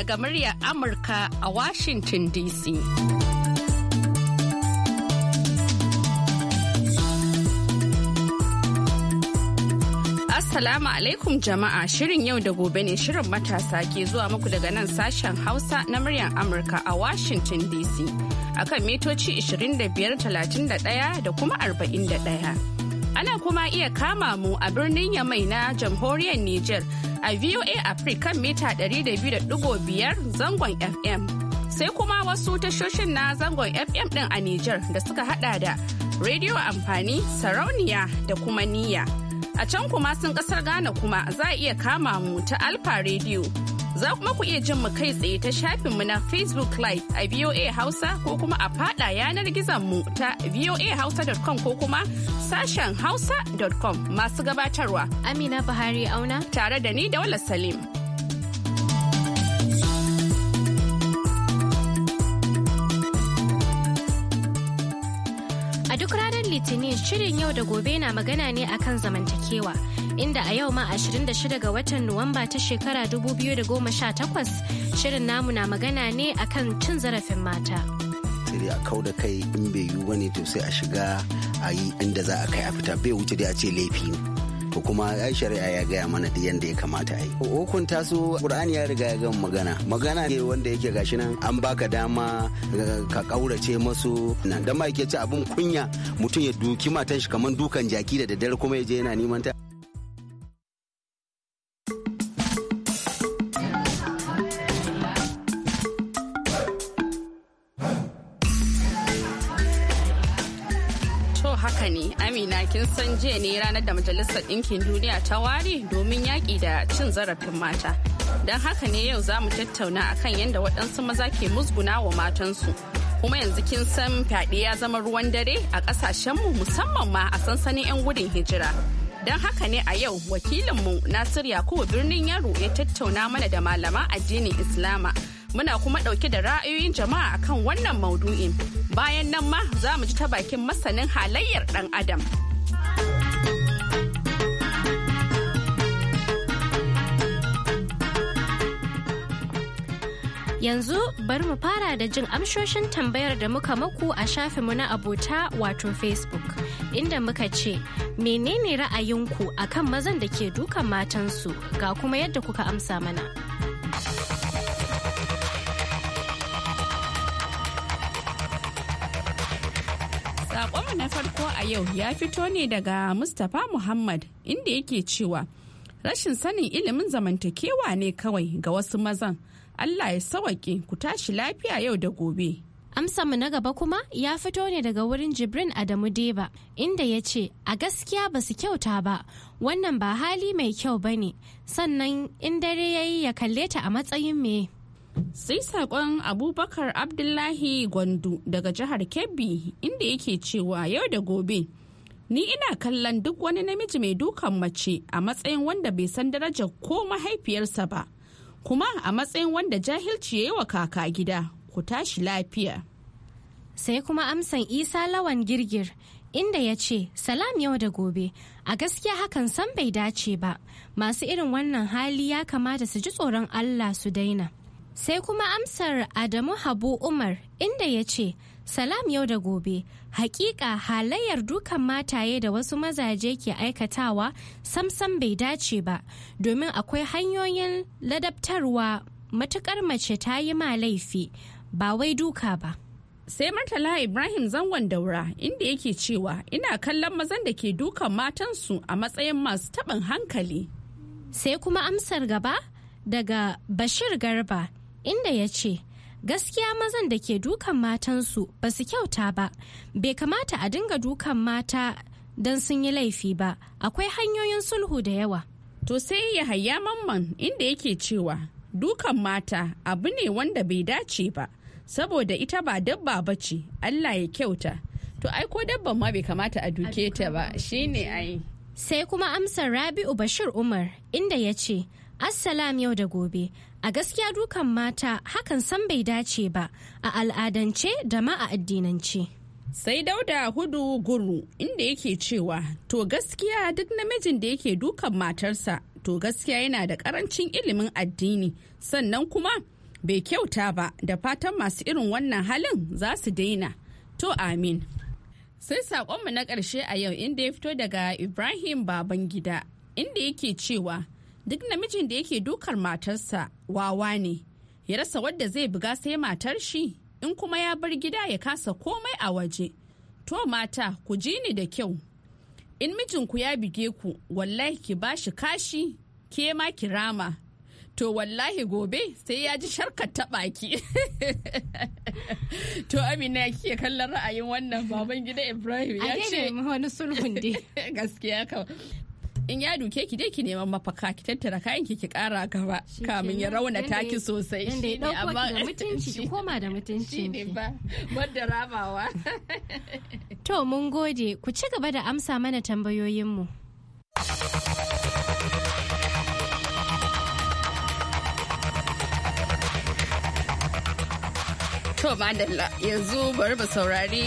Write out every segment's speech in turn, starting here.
daga muryar Amurka a Washington DC. Assalamu alaikum jama'a shirin yau da gobe ne shirin matasa ke zuwa muku daga nan sashen Hausa na muryar Amurka a Washington DC akan mitoci 25,31 da kuma 41. Ana kuma iya kama mu a birnin Yamai na jamhuriyar Nijar a VOA Africa kan mita 200.5 zangon FM. Sai kuma wasu tashoshin na zangon FM din a Nijar da suka hada da Radio Amfani, Sarauniya da kuma Niyya. A can kuma sun kasar Ghana kuma za a iya kama mu ta Alfa Radio. Za kuma ku iya jin mu kai tsaye ta shafin mu na Facebook Live a VOA Hausa ko kuma a fada yanar gizon mu ta voahausa.com ko kuma sashen hausa.com masu gabatarwa. Amina Buhari Auna. Tare da ni da Wala Salim. A duk ranar Litinin shirin yau da gobe na magana ne akan zamantakewa. inda a yau ma 26 ga watan Nuwamba ta shekara 2018 shirin namu na magana ne akan cin zarafin mata. Sai a kau da kai in bai yiwu bane to sai a shiga a yi inda za a kai a fita bai wuce dai a ce laifi ne. to kuma ya shari'a ya gaya mana da yanda ya kamata a yi. Hukun su qur'ani ya riga ya ga magana magana ne wanda yake gashi nan an baka dama ka kaurace masu nan ma yake ci abun kunya mutum ya duki matan shi kaman dukan jaki da daddare kuma ya je yana neman ta san jiya ne ranar da Majalisar Ɗinkin Duniya ta ware domin yaƙi da cin zarafin mata. Don haka ne yau za mu tattauna akan yadda waɗansu maza ke musguna wa matansu. Kuma yanzu kin san fyaɗe ya zama ruwan dare a ƙasashenmu musamman ma a sansanin 'yan gudun hijira. Don haka ne a yau wakilinmu Nasir Yakubu birnin Yaro ya tattauna mana da malama addinin Islama. muna kuma ɗauke da ra'ayoyin jama'a akan wannan maudu'in bayan nan ma za mu ji ta bakin masanin halayyar ɗan adam Yanzu bari mu fara da jin amshoshin tambayar da muka maku a mu na abota wato Facebook, inda muka ce, menene ra'ayinku akan mazan da ke dukan matansu ga kuma yadda kuka amsa mana. Saƙonmu na farko a yau ya fito ne daga Mustapha Muhammad inda yake cewa rashin sanin ilimin zamantakewa ne kawai ga wasu mazan Allah ya sawaƙe ku tashi lafiya yau da gobe. Amsa mu na gaba kuma ya fito ne daga wurin Jibrin Adamu Deba inda ya ce a gaskiya ba su kyauta ba wannan ba hali mai kyau ba ne sannan in dare ya yi ya kalle ta a matsayin me. Sai saƙon Abubakar Abdullahi Gwandu daga jihar Kebbi inda yake cewa yau da gobe. Ni ina kallon duk wani namiji mai dukan mace a matsayin wanda bai san darajar ko mahaifiyarsa ba. kuma a matsayin wanda jahilci ya yi wa kaka gida ku tashi lafiya. Sai kuma amsan Isa Lawan Girgir inda ya ce salam yau da gobe a gaskiya hakan san bai dace ba masu irin wannan hali ya kamata su ji tsoron Allah su daina. Sai kuma amsar Adamu Habu Umar inda ya ce Salam yau da gobe, hakika halayyar dukan mataye da wasu mazaje ke aikatawa samsam bai dace ba, domin akwai hanyoyin ladabtarwa matukar mace ta yi ma laifi ba wai duka ba. Sai Murtala Ibrahim zangon daura inda yake cewa ina kallon mazan da ke dukan matansu a matsayin masu taɓin hankali. Sai kuma amsar gaba daga Bashir Garba inda ya ce, gaskiya mazan da ke dukan matansu ba su kyauta ba bai kamata a dinga dukan mata don sun yi laifi ba akwai hanyoyin sulhu da yawa to sai ya hayya mamman inda yake cewa dukan mata abu ne wanda bai dace ba saboda ita ba dabba ba ce allah ya kyauta to ai ko dabban ma bai kamata a duke ta ba shine ai sai kuma amsar rabi'u bashir umar inda ya ce Assalam yau da gobe. A gaskiya dukan mata hakan san bai dace ba a al'adance da ma a addinance. Sai dauda hudu guru inda yake cewa to gaskiya duk namijin da yake dukan matarsa to gaskiya yana da karancin ilimin addini sannan kuma bai kyauta ba da fatan masu irin wannan halin za su daina. To amin. Sai saƙonmu na ƙarshe a yau inda ya fito daga Ibrahim Babangida inda yake cewa. duk namijin da yake dukar matarsa wawa ne ya rasa wadda zai buga sai matar shi in kuma ya bar gida ya kasa komai a waje to mata ku ji ni da kyau in mijinku ya bige ku wallahi ki bashi kashi ke ma ki rama to wallahi gobe sai ya ji sharkar ta baki to amina kike kallon ra'ayin wannan baban gida ibrahim ya ce wani sulhun gaskiya kawai in ya duke ki dai ki neman mafaka ki tattara kayan ki ki kara gaba kamin ya rauna taki sosai shi ne amma da mutunci ki koma da mutunci ba to mun gode ku ci gaba da amsa mana mu. To madalla yanzu bari ba saurari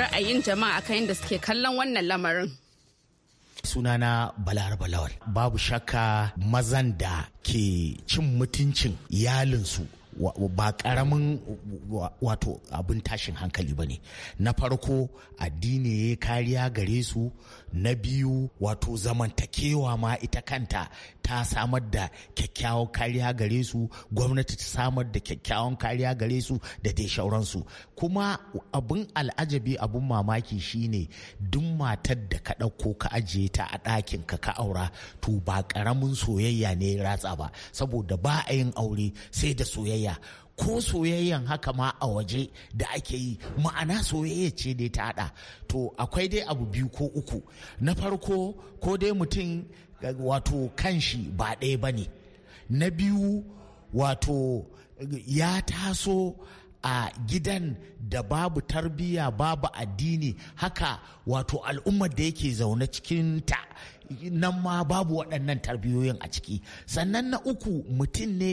ra'ayin jama'a kan yadda suke kallon wannan lamarin. sunana balaraba lawal babu shakka mazan da ke cin mutuncin iyalinsu ba karamin wato abin tashin hankali ba ne na farko addini ya kariya gare su na biyu wato zamantakewa ma ita kanta ta samar da kyakkyawan kariya gare su gwamnati ta samar da kyakkyawan kariya gare su da dai shauransu kuma abin al'ajabi abin mamaki shine duk matar da ka ɗauko ka ajiye ta a ɗakin ka ka aura to ba karamin soyayya ne ratsa ba saboda ba a yin aure sai da soyayya soyayya ko soyayyan haka ma a waje da ake yi ma'ana soyayya ce dai ta haɗa to akwai dai abu biyu ko uku na farko ko dai mutum wato kanshi ba ɗaya ba ne na biyu wato ya taso a gidan da babu tarbiyya babu addini haka wato al'ummar da yake zaune cikinta nan ma babu waɗannan tarbiyoyin a ciki sannan na uku mutum ne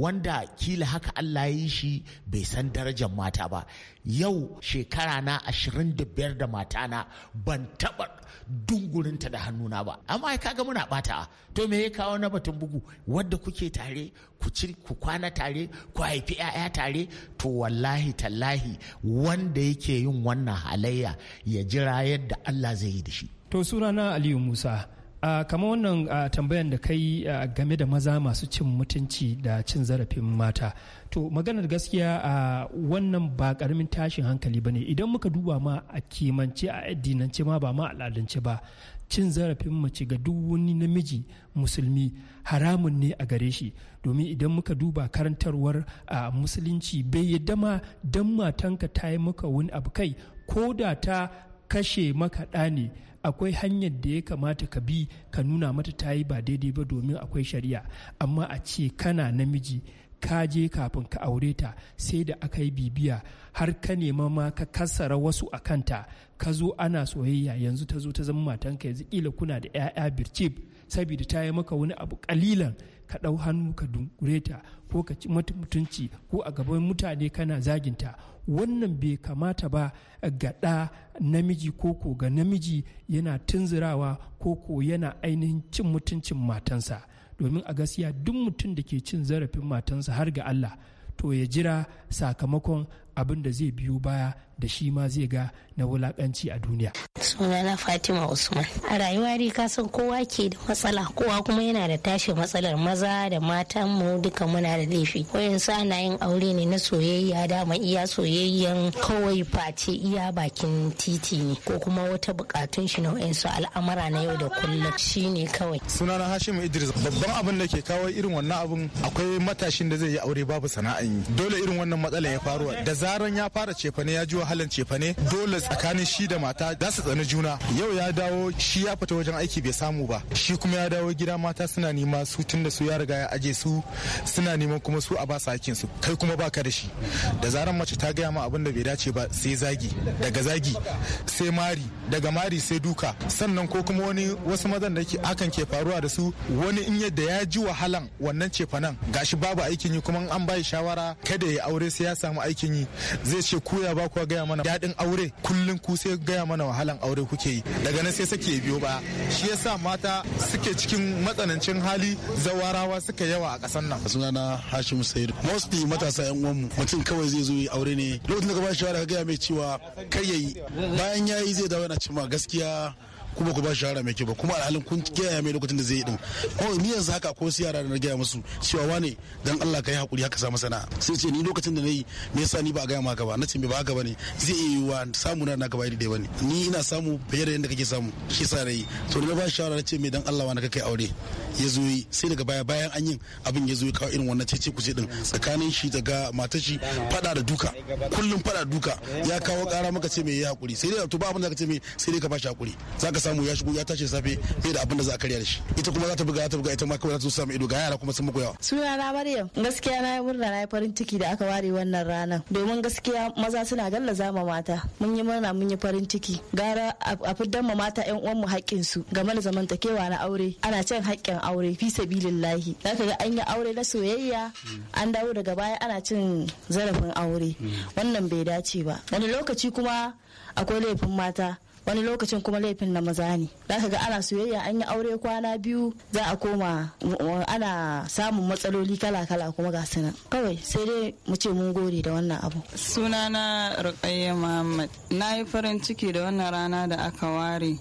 wanda kila haka Allah ya yi shi bai san darajar mata ba yau shekara na ashirin da biyar da mata na ban taɓa dungurinta da hannuna ba amma kaga muna ɓata to me ya kawo na batun bugu wadda kuke tare ku ci ku kwana tare ku haifi 'ya'ya tare to wallahi tallahi wanda yake yin wannan halayya ya jira yadda Allah zai yi da shi to sunana aliyu musa a kama wannan tambayan da kai game da maza masu cin mutunci da cin zarafin mata to maganar gaskiya a wannan ba karamin tashin hankali ba ne idan muka duba ma a kimance a addinance ma ba ma al'adance ba cin zarafin mace ga duk wani namiji musulmi haramun ne a gare shi domin idan muka duba karantarwar a musulunci bai yadda ma dan matanka ta yi maka wani abu kai ko da ta kashe maka ɗa ne akwai hanyar da ya kamata ka bi ka nuna mata ta yi ba daidai ba domin akwai shari'a amma a ce kana namiji ka je kafin ka aure ta sai da aka yi bibiya har ka nema ma ka kassara wasu a kanta ka zo ana soyayya yanzu ta zo ta zama matanka yanzu kila kuna da 'ya'ya birchip saboda ta yi maka wani abu kalilan ka ɗau hannu ka dunkure ta ko ka ci mutunci ko a gaban mutane kana zaginta wannan bai kamata ba ga namiji ko ko ga namiji yana tunzurawa ko ko yana ainihin cin mutuncin matansa domin a gaskiya duk mutum da ke cin zarafin matansa har ga Allah to ya jira sakamakon abin da zai biyo baya da shi ma zai ga na wulakanci a duniya. sunana fatima usman a rayuwa dai ka san kowa ke da matsala kowa kuma yana da tashi matsalar maza da matan mu duka muna da laifi sa na yin aure ne na soyayya dama iya soyayyan kawai face iya bakin titi ne ko kuma wata bukatun shi na su al'amara na yau da kullum shine kawai sunana hashim idris babban abin da ke kawo irin wannan abin akwai matashin da zai yi aure babu sana'a dole irin wannan matsala ya faru da zaran ya fara cefane ya ji wahalan cefa ne dole tsakanin shi da mata za su tsani juna yau ya dawo shi ya fita wajen aiki bai samu ba shi kuma ya dawo gida mata suna nema su tun da su ya riga ya aje su suna neman kuma su a ba su hakkin su kai kuma baka da shi da zaran mace ta gaya ma abin da bai dace ba sai zagi daga zagi sai mari daga mari sai duka sannan ko kuma wani wasu mazan da hakan ke faruwa da su wani in yadda ya ji wahalan wannan nan gashi babu aikin yi kuma an bai shawara kada ya aure sai ya samu aikin yi zai ce ku ya ba kuwa gaya mana daɗin aure kullum ku sai gaya mana wahalan aure kuke yi daga nan sai sake biyo ba shi yasa mata suke cikin matsanancin hali zawarawa suka yawa a ƙasar nan sunana Hashim Sayid mostly matasa yan uwanmu mutum kawai zai zo yi aure ne lokacin da ka ba shawara ka gaya mai cewa kai yayi bayan yayi zai dawo yana cewa gaskiya kuma ku ba shi yara mai kyau ba kuma alhalin kun gaya mai lokacin da zai yi din ko ni yanzu haka ko su yara na gaya musu cewa wane dan Allah kai hakuri haka samu sana. sai ce ni lokacin da nayi me yasa ni ba a gaya maka ba nace me ba haka bane zai iya yiwa samu na naka ba daidai bane ni ina samu fiye da yanda kake samu shi sa nayi to na ba shi shawara nace me dan Allah wani kake aure ya zo yi sai daga baya bayan an yin abin ya zo yi kawo irin wannan cece kuce din tsakanin shi daga matar shi fada da duka kullum fada duka ya kawo kara maka ce me ya hakuri sai dai to ba abin da ka ce me sai dai ka ba shi hakuri samu ya shigo ya tashi safe bai da abin da za a karya da shi ita kuma za ta buga za ta buga ita ma kawai za ta samu ido ga yara kuma sun muku yawa sunana maryam gaskiya na yi murna na yi farin ciki da aka ware wannan ranar domin gaskiya maza suna za mu mata mun yi murna mun yi farin ciki gara a fiddan ma mata yan uwan mu haƙƙin su game da zamantakewa na aure ana cin haƙƙin aure fi sabilillahi zaka ga an yi aure na soyayya an dawo daga baya ana cin zarafin aure hmm. wannan bai dace ba wani lokaci kuma akwai laifin mata wani lokacin kuma laifin na maza ne za ka ga ana soyayya an yi aure kwana biyu za a koma ana samun matsaloli kala-kala kuma ga suna kawai sai dai mu ce mun gode da wannan abu Suna na rukayya muhammad na yi farin ciki da wannan rana da aka ware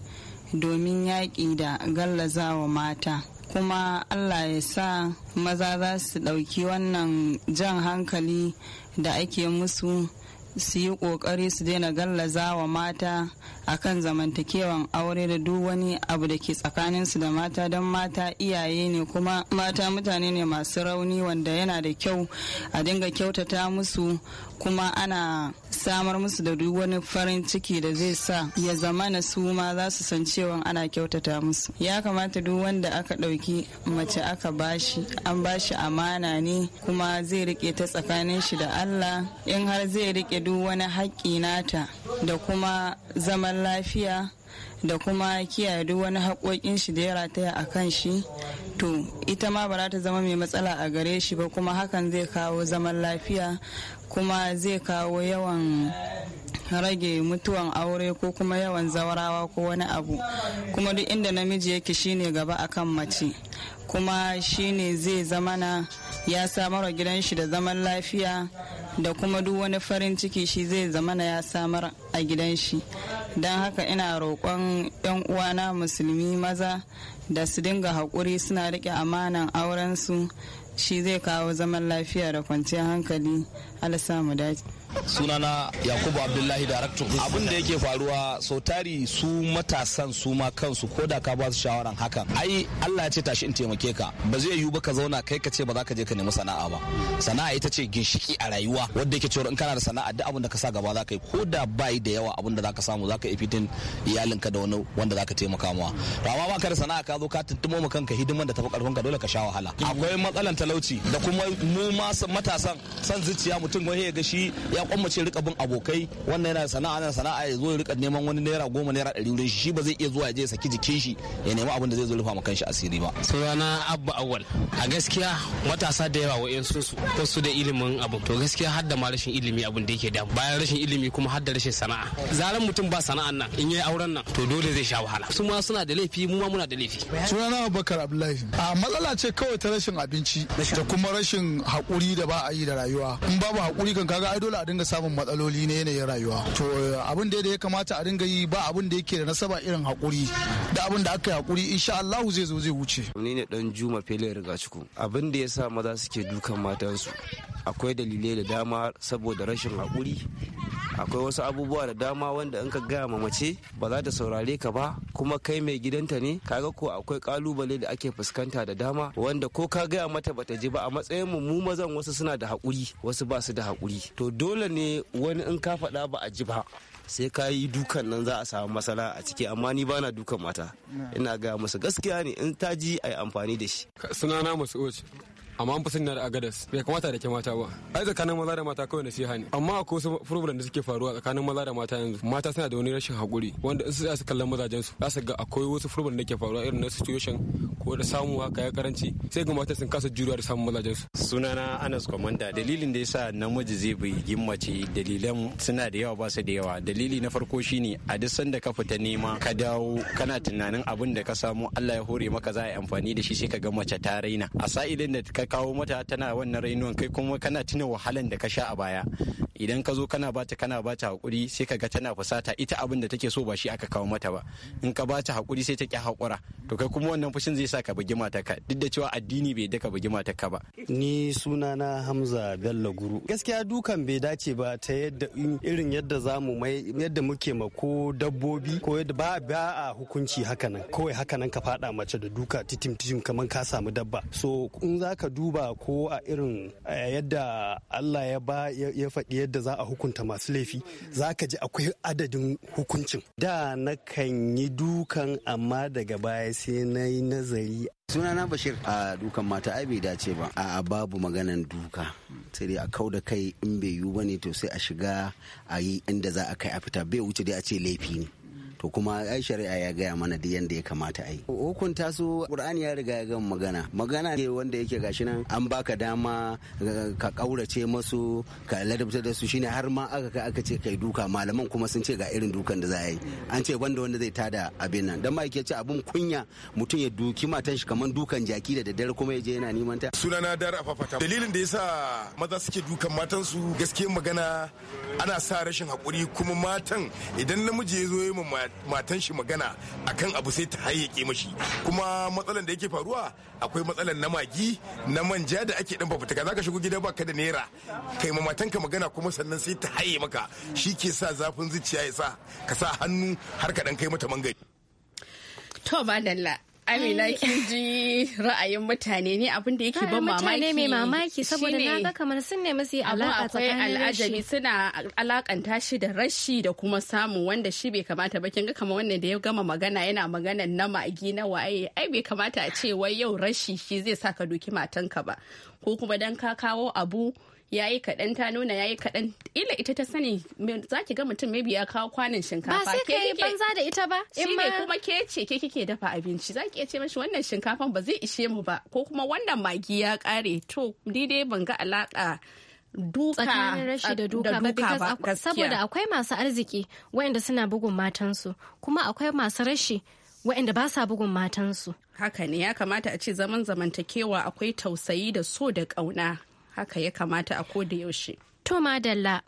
domin yaƙi da gallazawa mata kuma allah ya sa maza za su ɗauki wannan jan hankali da ake musu su yi ƙoƙari su daina gallazawa mata akan zamantakewan aure da duk wani abu da ke tsakaninsu da mata don mata iyaye ne kuma mata mutane ne masu rauni wanda yana da kyau a dinga kyautata musu kuma ana samar musu da duk wani farin ciki da zai sa ya zama na su ma za su san cewa ana kyautata musu ya kamata duk wanda aka ɗauki mace aka bashi an bashi amana ne kuma zai rike ta tsakanin shi da allah in har zai rike duk wani haƙƙi nata da kuma zaman lafiya da kuma kiyaye duk wani haƙoƙin shi da ya rataya a kan shi to ita ma ba za ta zama mai matsala a gare shi ba kuma hakan zai kawo zaman lafiya kuma zai kawo yawan rage mutuwan aure ko kuma yawan zawarawa ko wani abu kuma duk inda namiji yake shine gaba akan mace kuma shine zai zamana ya samar gidan shi da zaman lafiya da kuma duk wani farin ciki shi zai zamana ya samar a gidan shi don haka ina roƙon 'yan uwana musulmi maza da su dinga haƙuri suna rike amanan aurensu shi zai kawo zaman lafiya da kwanciyar hankali alasamu dace sunana yakubu abdullahi darakto abin da yake faruwa sau tari su matasan su ma kansu ko da ka ba su shawaran hakan ai allah ya ce tashi in taimake ka ba zai yiwu ba ka zauna kai ka ce ba za ka je ka nemi sana'a ba sana'a ita ce ginshiki a rayuwa wadda yake cewa in kana da sana'a duk abin da ka sa gaba za ka yi ko da bai da yawa abin da za ka samu za ka fitin iyalinka da wani wanda za ka taimaka mawa amma ba ka da sana'a ka zo ka tuntumo mu kanka hidiman da tafi karfin ka dole ka sha wahala akwai matsalan talauci da kuma mu matasan san zuciya mutum wani ya ga shi ya ce rika bin abokai wannan yana sana'a na sana'a ya zo ya rika neman wani naira goma naira ɗari wurin shi ba zai iya zuwa ya je saki jikin shi ya nemi abin da zai zo rufa ma kanshi asiri ba sunana abba awal a gaskiya matasa da yawa wa'in su ko su da ilimin abu to gaskiya har da ma rashin ilimi abin da yake da bayan rashin ilimi kuma har da rashin sana'a zaran mutum ba sana'an nan in yayi auren nan to dole zai sha wahala su ma suna da laifi mu ma muna da laifi sunana abubakar abdullahi a matsala ce kawai ta rashin abinci da kuma rashin haƙuri da ba a yi da rayuwa in babu haƙuri kan kaga ai dole a dinga samun matsaloli na yanayin rayuwa to abin da ya kamata a dinga yi ba abin da yake da nasaba irin hakuri da abin da aka yi hakuri insha Allah zai zo zai wuce ni ne dan Juma Fele ciko abin da yasa maza suke dukan matansu akwai dalilai da dama saboda rashin hakuri akwai wasu abubuwa da dama wanda in ka gaya ma mace ba za ta saurare ka ba kuma kai mai gidanta ne kaga ko akwai kalubale da ake fuskanta da dama wanda ko ka gaya mata bata ji ba a matsayin mu mu mazan wasu suna da hakuri wasu ba su da hakuri to dole ne wani in ka faɗa ba a ji ba sai ka yi dukan nan za a samu matsala a ciki amma ni bana dukan mata ina gaya musu gaskiya ne in ta ji a yi amfani da shi sunana masu amma an fi sanya da agadas bai kamata da ke mata ba ai tsakanin maza da mata kawai nasiha ne amma akwai wasu problem da suke faruwa tsakanin maza da mata yanzu mata suna da wani rashin hakuri wanda in su za su kallon mazajen su za su ga akwai wasu problem da ke faruwa irin na situation ko da samu haka ya karanci sai ga mata sun kasa juriya da samun mazajen su sunana Anas Komanda dalilin da yasa namiji zai bi gimmace dalilan suna da yawa ba su da yawa dalili na farko shine a duk sanda ka fita nema ka dawo kana tunanin abin da ka samu Allah ya hore maka za a yi amfani da shi sai ka ga mace ta raina a sa'ilin da ka kawo mata tana wannan rainuwan kai kuma kana tuna wahalan da ka sha a baya idan ka zo kana bata kana bata hakuri sai ka ga tana fusata ita abin da take so ba shi aka kawo mata ba in ka bata hakuri sai ta ki hakura to kai kuma wannan fushin zai sa ka bugi mata ka duk da cewa addini bai daka bugi mata ka ba ni sunana Hamza Bello Guru gaskiya dukan bai dace ba ta yadda irin yadda zamu mai yadda muke ma ko dabbobi ko yadda ba ba a hukunci hakanan kawai hakanan ka fada mace da duka titim titim kamar ka samu dabba so in zaka duba ko a irin eh, yadda Allah ya ba ya faɗi yadda za a hukunta masu laifi za ka ji akwai adadin hukuncin da na kan yi dukan amma daga baya sai na yi nazari sunana bashir a dukan mata ai bai dace ba a babu maganan duka sai dai a kau da kai in bai yiwu ba ne to sai a shiga a yi inda za a kai a fita bai wuce dai a ce laifi ne to kuma ai shari'a ya gaya mana duk yanda ya kamata ai hukunta su qur'ani ya riga ya gama magana magana ne wanda yake gashi nan an baka dama ka kaurace masu ka ladabtar da su shine har ma aka kai aka ce kai duka malaman kuma sun ce ga irin dukan da za a yi an ce banda wanda zai tada abin nan dan ma yake ce abin kunya mutum ya duki matan shi kamar dukan jaki da daddare kuma ya je yana neman ta sunana dara afafata dalilin da yasa maza suke dukan matan su gaskiya magana ana sa rashin hakuri kuma matan idan namiji ya zo yi ma matan shi magana akan abu sai ta hayyake mashi kuma matsalan da yake faruwa akwai matsalan na magi na manja da ake dan fafutuka zaka shigo gida baka da naira kai ma matanka magana kuma sannan sai ta haye maka shi ke sa zafin zuciya ya sa ka sa hannu har ka dan kai mata mangari to madalla Amina kin ji ra'ayin mutane ne abin da yake ban mamaki. Mutane mai mamaki saboda na ga kamar sun ne musu alaka ta kan al'ajabi suna alakanta shi da rashi da kuma samu wanda shi bai kamata ba kin ga kamar wannan da ya gama magana yana magana na magi na waye ai bai kamata a ce wai yau rashi shi zai sa ka doki matanka ba ko kuma dan ka kawo abu ya yi kaɗan ta nuna ya yi kaɗan ila ita ta sani za ki ga mutum maybe ya kawo kwanan shinkafa. Ba sai ka yi banza da ita ba. Shi ne kuma ke ce ke kike dafa abinci za ki iya ce mashi wannan shinkafan ba zai ishe mu ba ko kuma wannan magi ya ƙare to ni dai ban ga alaƙa. duka da duka ba saboda akwai masu arziki waɗanda suna bugun matansu kuma akwai masu rashi waɗanda ba sa bugun matansu haka ne ya kamata a ce zaman zamantakewa akwai tausayi da so da ƙauna haka ya kamata a koda yaushe. To madalla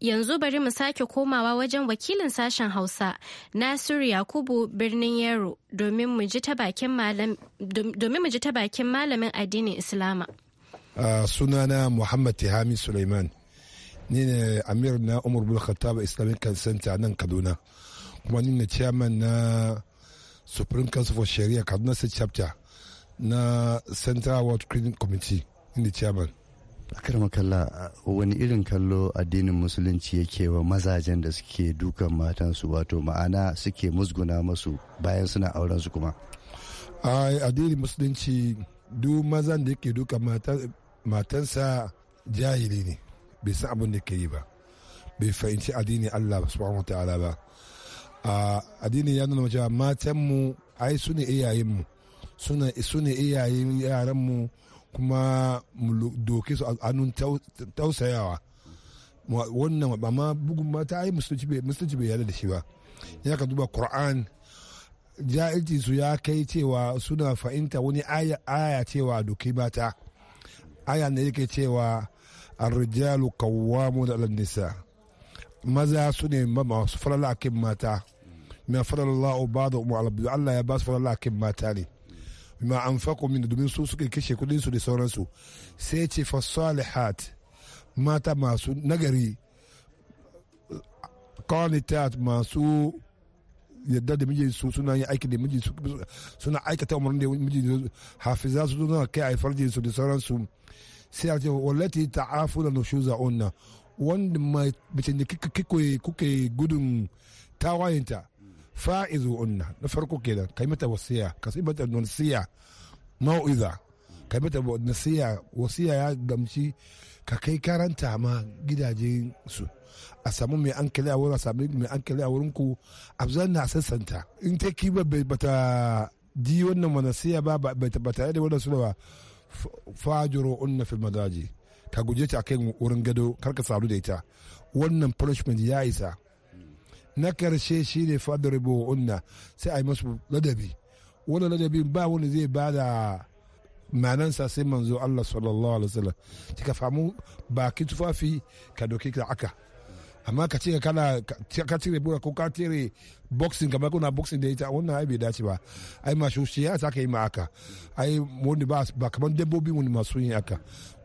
yanzu bari mu sake komawa wajen wakilin sashen hausa nasiru yakubu birnin yero domin mu ji ta bakin malamin addinin islama sunana muhammad tihami suleiman ni ne amir na umar bul islamic consent a nan kaduna kuma ni ne chairman na supreme council for sharia kaduna state chapter na central world cleaning committee ni ne chairman makalla wani irin kallo addinin musulunci yake wa mazajen da suke dukan matansu wato ma'ana suke musguna masu bayan suna auren su kuma addinin musulunci duk mazan da yake dukan matansa jahili ne bai san abin da ke yi ba bai fahimci addinin allah subhanahu wa ta'ala ba a ya nuna cewa matanmu ai su ne iyayenmu su ne iyayen yaranmu kuma mu doke su hannun tausayawa wannan ma bugun mata ai musulunci bai yada da shi ba ya ka duba qur'an jahilci su ya kai cewa suna fahimta wani aya cewa doki mata aya ne yake cewa arjalu kawamu da nisa maza su ne masu farala akin mata mai farala Allah ba da Allah ya ba su farala akin mata ne ma an faƙo min domin su kashe kuɗin su da sauransu sai ce fa salihat mata masu nagari kawanitat masu yadda da miji su suna yin aiki da miji suna aikata umarni da miji hafiza su suna kai a farjin su da sauransu sai a ce ta'afu da nushuza onna wanda da kuke gudun tawayenta fa'izu unna na farko kenan kai mata wasiya ka sai mata nasiya mau'iza kai mata nasiya wasiya ya gamci ka kai karanta ma gidajen su a samu mai ankali a wurin a samu mai ankali a wurin ku abzan na sassanta in ta kiba bata ji wannan manasiya ba ba tare da wannan suna ba fajiro unna fil madaji ka guje ta kai wurin gado kar ka sadu da ita wannan punishment ya isa نكر شيء شيء نفادر بو قلنا سأي مصب لدبي ولا لدبي با ونزي بعد ما ننسى سيما زو الله صلى الله عليه وسلم تكفهمو با كتفا في كدوكيك عكا أما كتير كلا كتير بورا كوكاتيري boxing kamar kuna boxing da ita wannan ai bai dace ba ai masu shi ya saka yi ma ai wani ba ba kamar dabbobi wani masu yin aka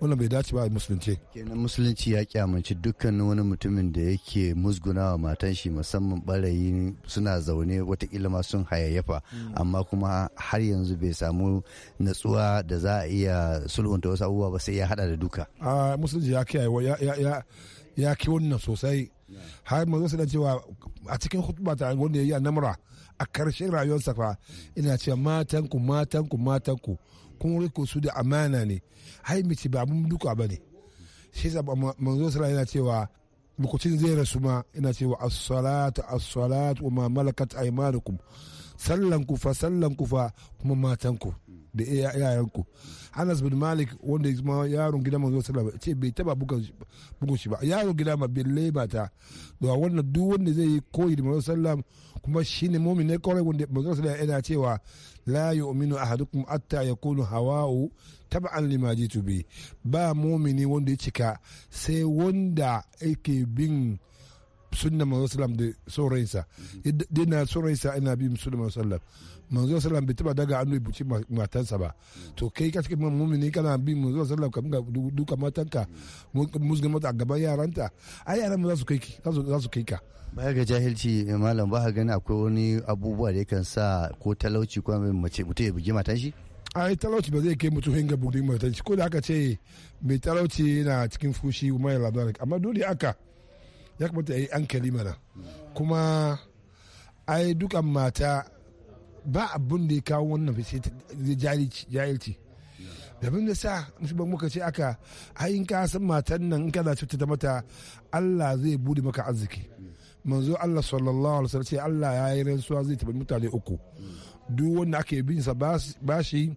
wannan bai dace ba musulunci kenan musulunci ya kyamanci dukkanin wani mutumin da yake musgunawa matan shi musamman barayi suna zaune watakila ma sun hayayyafa amma kuma har yanzu bai samu natsuwa da za a iya sulhunta wasu abubuwa ba sai ya hada da duka a musulunci ya kiyaye ya ya ya ki wannan sosai har mazo su da cewa a cikin hutuba ta wanda ya yi a namura a karshen rayuwarsa fa ina cewa matanku matanku matanku kun riko su da amana ne hai mace ba abun duka ba ne shi sa manzo sala yana cewa lokacin zai rasu ma ina cewa as-salatu as-salatu wa ma malakat aymanukum sallanku fa sallanku fa kuma matanku da yayanku anas bin malik wanda ma yaron gida manzo sallallahu alaihi ce bai taba bugun shi ba yaron gida ma belle ba ta da wannan duk wanda zai yi koyi da manzo sallallahu kuma shine mu'min ne kawai wanda manzo sallallahu yana cewa la yu'minu ahadukum hatta yakunu hawa'u tab'an lima jitu bi ba mu'mini wanda ya cika sai wanda yake bin sunna manzo salam da mhm. na dina saurayinsa ina bi da manzo salam manzo salam bai taba daga hannu ibuci matansa ba mhm. to kai ka cikin mumini kana bi manzo salam kamar ga duka matanka mhm. musgin mata a gaban yaranta ai yaran za su kai ki za su kai ka baya ga jahilci eh, malam ba ka gani akwai wani abubuwa da yakan sa ko talauci ko mace mutum ya bugi matan shi ai talauci ba zai kai mutum hinga bugi matan shi ko da aka ce mai talauci yana cikin fushi mai labarin amma dole aka ya kamata ya yi hankali mana kuma ai dukan mata ba abin da ya kawo wannan jahilci dabin da sa musulman muka ce aka hayin ka san matan nan in za cuta mata Allah zai bude maka arziki manzo Allah sallallahu alaihi wasallam ce Allah ya yi rantsuwa zai tabi mutane uku duk wanda ake bin sa bashi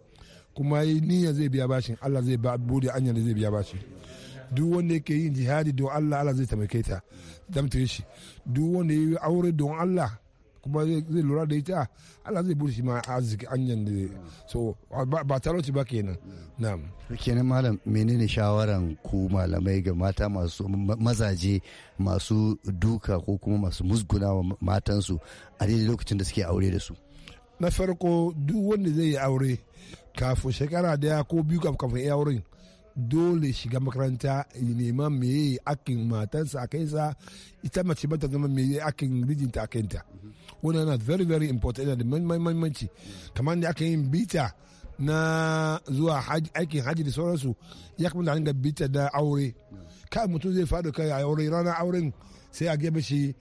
kuma yi niyya zai biya bashin Allah zai bude da zai biya bashin duk wanda yake yin jihadi don Allah Allah zai taimake ta damtare shi duk wanda yi aure don Allah kuma zai lura da ita Allah zai bude shi ma arziki anyan da so ba talauci ba kenan na'am kenan malam menene shawaran ku malamai ga mata masu mazaje masu duka ko kuma masu musguna wa matansu a daidai lokacin da suke aure da su na farko duk wanda zai yi aure kafin shekara daya ko biyu kafin ya aure. dole shiga makaranta nema meye akin matansa a kaisa ita mace bata zama meye akin rijinta a kanta wani yana very very important yana da mahimmanci kamar da aka yin bita na zuwa aikin hajji da sauransu ya kuma da hanga bita da aure kai mutum zai faɗo kai a aure ranar auren sai a gebe shi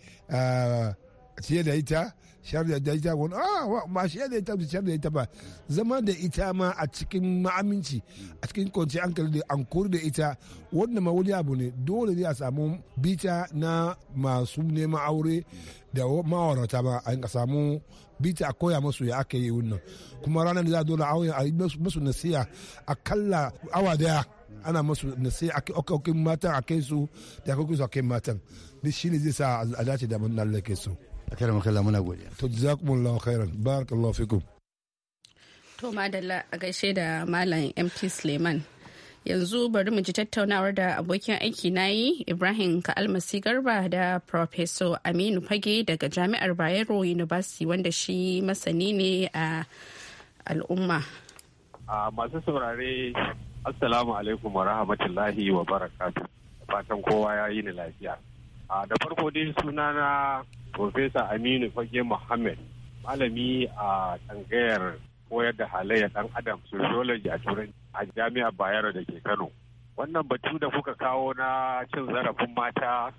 ciye ah, da ita sharri da ita wani ah ba shi da ita sharri da ita ba zama da ita ma a cikin ma'aminci a cikin kwanci an kalli da ankuri da ita wanda ma wani abu ne dole ne a samu bita na masu neman aure da ma'aurata ba a samu bita a koya masu ya aka yi wannan kuma ranar da za a dole a yi masu nasiya a kalla awa daya ana masu nasiya a kai matan a kai su da kai su a kai matan duk shi ne zai sa a dace da mun lallake su. akalama kallah muna godiya to jazakumullahu khairan barakallahu fikum to madalla a gaishe da malam mp suleiman yanzu bari mu ji tattaunawar da abokin aiki na yi ibrahim ka'almasi garba da professor aminu fage daga jami'ar bayero university wanda shi masani ne a al'umma masu saurare assalamu alaikum wa rahmatullahi wa barakatu fatan kowa ya yi ni lafiya da farko dai sunana Profesa Aminu Fage Muhammad malami a tsangayar koyar da halayyar ɗan adam sociology a turanci a jami'ar Bayero da ke Kano. Wannan batu da kuka kawo na cin zarafin mata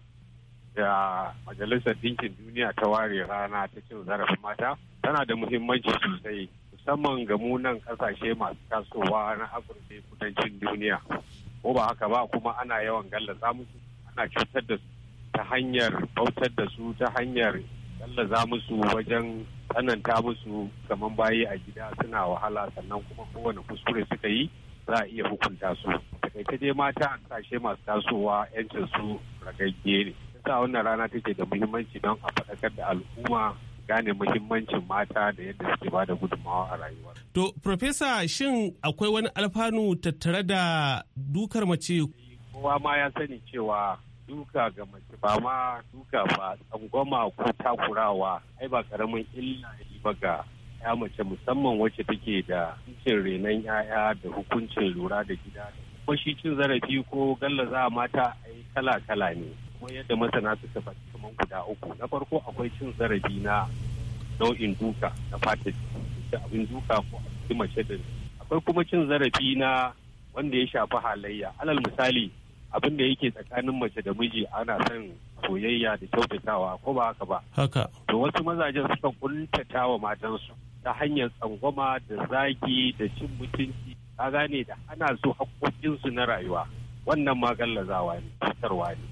da Majalisar Dinkin Duniya ta ware rana ta cin zarafin mata tana da muhimmanci sosai musamman ga mu nan kasashe masu tasowa na Afirka kudancin duniya. Ko ba haka ba kuma ana yawan gallaza musu ana cutar da su ta hanyar bautar da su ta hanyar tallaza musu wajen tsananta musu kamar bayi a gida suna wahala sannan kuma kowane kuskure suka yi za a iya hukunta su takaita dai mata a kasashe masu tasowa yancin su ragagge ne yasa wannan rana take da muhimmanci don a faɗakar da al'umma gane muhimmancin mata da yadda suke ba da gudunmawa a rayuwa. To, Profesa, shin akwai wani alfanu tattare da dukar mace? Kowa ma ya sani cewa duka ga mace ba ma duka ba tsangwama ko takurawa ai ba karamin illa ne ba ga ya mace musamman wacce take da cin renon yaya da hukuncin lura da gida kuma shi cin zarafi ko gallaza mata ai kala kala ne kuma yadda masana suka faɗi kaman guda uku na farko akwai cin zarafi na nau'in duka na fata da abin duka ko mace da akwai kuma cin zarafi na wanda ya shafi halayya alal misali abin da yake tsakanin mace da miji ana son soyayya da kyautatawa ko ba haka ba haka to wasu mazajen suka kuntata wa matansu ta hanyar tsangwama da zagi da cin mutunci ka gane da ana su haƙoƙinsu na rayuwa wannan ma gallazawa ne cutarwa ne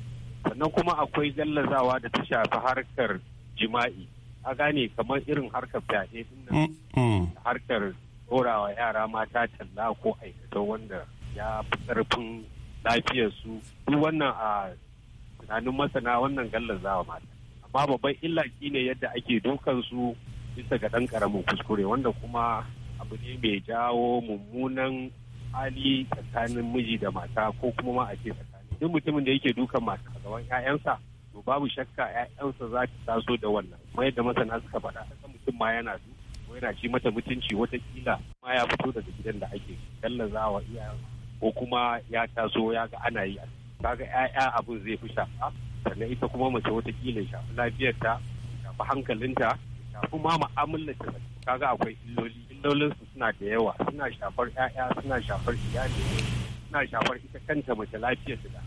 sannan kuma akwai gallazawa da ta shafi harkar jima'i ka gane kamar irin harkar fyaɗe din harkar ɗorawa yara mata talla ko aikata wanda ya fi ƙarfin Lafiyar su duk wannan a tunanin masana wannan zawa mata amma babban illa ne yadda ake dukansu su bisa ga ɗan karamin kuskure wanda kuma abu ne mai jawo mummunan hali tsakanin miji da mata ko kuma ma a ce tsakanin duk mutumin da yake dukan mata a gaban 'ya'yansa to babu shakka 'ya'yansa za ta taso da wannan kuma yadda masana suka faɗa mutum ma yana su ko yana ci mata mutunci wata kila ma ya fito daga gidan da ake gallazawa iyayen ko kuma ya taso ya ga ana yi kaga ya'ya abin zai fi shafa sannan ita kuma mace watakila shafi lafiyarta shafa hankalinta shafi ma mu'amalarta kaga akwai illoli illolinsu suna da yawa suna shafar ya'ya suna shafar iyali suna shafar ita kanta mace lafiyarta da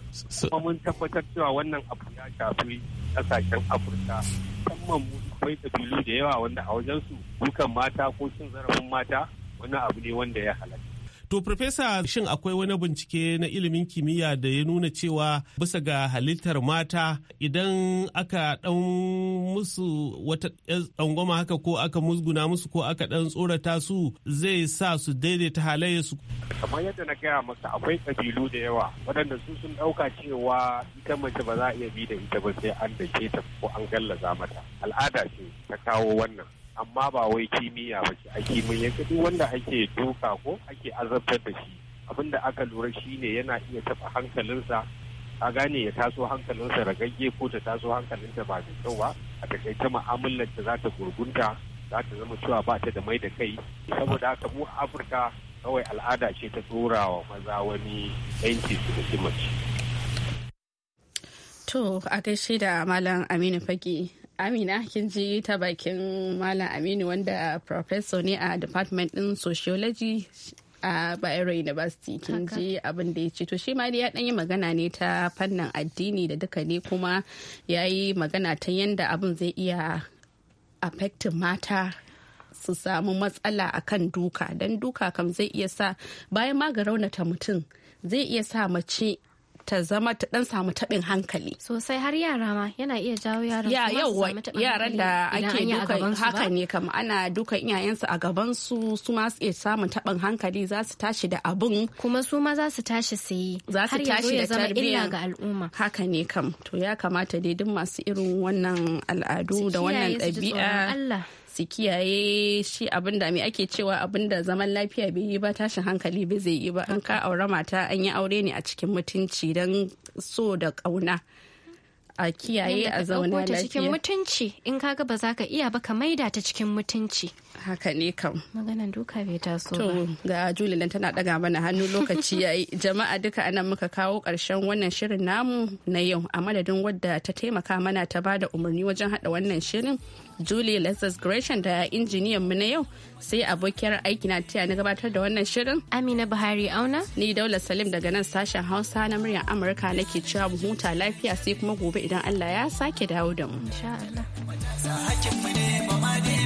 kuma mun tabbatar cewa wannan abu ya shafi kasashen afirka musamman mu akwai kabilu da yawa wanda a wajen su dukan mata ko cin zarafin mata wani abu ne wanda ya halatta To, Profesa, shin akwai wani bincike na ilimin kimiyya da ya nuna cewa bisa ga halittar mata idan aka ɗan musu wata ɗangwama haka ko aka musguna musu ko aka ɗan tsorata su zai sa su daidaita halaye su. Kamar yadda na gaya masa akwai ƙabilu da yawa waɗanda su sun ɗauka cewa ita mace ba za a iya bi da ita ba sai an dake ta ko an gallaza mata. Al'ada ce ta kawo wannan. amma ba wai kimiyya ba ce a kimiyya duk wanda ake doka ko ake azabtar da shi abin da aka lura shine yana iya taɓa hankalinsa a gane ya taso hankalinsa ragagge ko ta taso hankalinta ba da kyau ba a takaice ma'amalar ta za ta gurgunta za ta zama cewa ba ta da mai da kai saboda haka mu afirka kawai al'ada ce ta dora wa maza wani yanki su da mace. to a gaishe da malam aminu faki Amina kin ji ta bakin Malam Aminu wanda professor ne a Department din Sociology a Bayero University kin ji abin da ya ce to shi ma ya dan yi magana ne ta fannin addini da duka ne kuma ya yi magana ta yanda abin zai iya affect mata su samu matsala akan duka don duka kam zai iya sa bayan ma ga raunata mutum zai iya sa mace ta zama ta dan samu taɓin hankali. Sosai har yara ma yana iya jawo yaran ya, su yawa yaran da ake duka haka ne kama ana duka iyayensu a gaban su su ma su iya samun taɓin hankali za su tashi da abun. Kuma su ma za su tashi su yi. Za su tashi da tarbiyya ga al'umma. Haka ne kam to ya kamata dai duk masu irin wannan al'adu da wannan ɗabi'a. Allah. su kiyaye shi abin da me ake cewa abin da zaman lafiya bai yi ba tashin hankali bai zai yi ba an ka aure mata an yi aure ne a cikin mutunci don so da kauna a kiyaye a zauna lafiya. cikin mutunci in kaga ba za ka iya ba ka maida ta cikin mutunci. Haka ne kam. Maganan duka bai taso ba. To ga juli nan tana daga mana hannu lokaci yayi. Jama'a duka anan muka kawo karshen wannan shirin namu na yau a madadin wadda ta taimaka mana ta bada umarni wajen hada wannan shirin. Julie Lessons Gresham da injiniyan mu na yau sai abokiyar aiki na tiya na gabatar da wannan shirin. Amina Buhari Auna. Ni Daula Salim daga nan sashen Hausa na muryar Amurka nake cewa mu huta lafiya sai kuma gobe idan Allah ya sake dawo da mu. Insha Allah.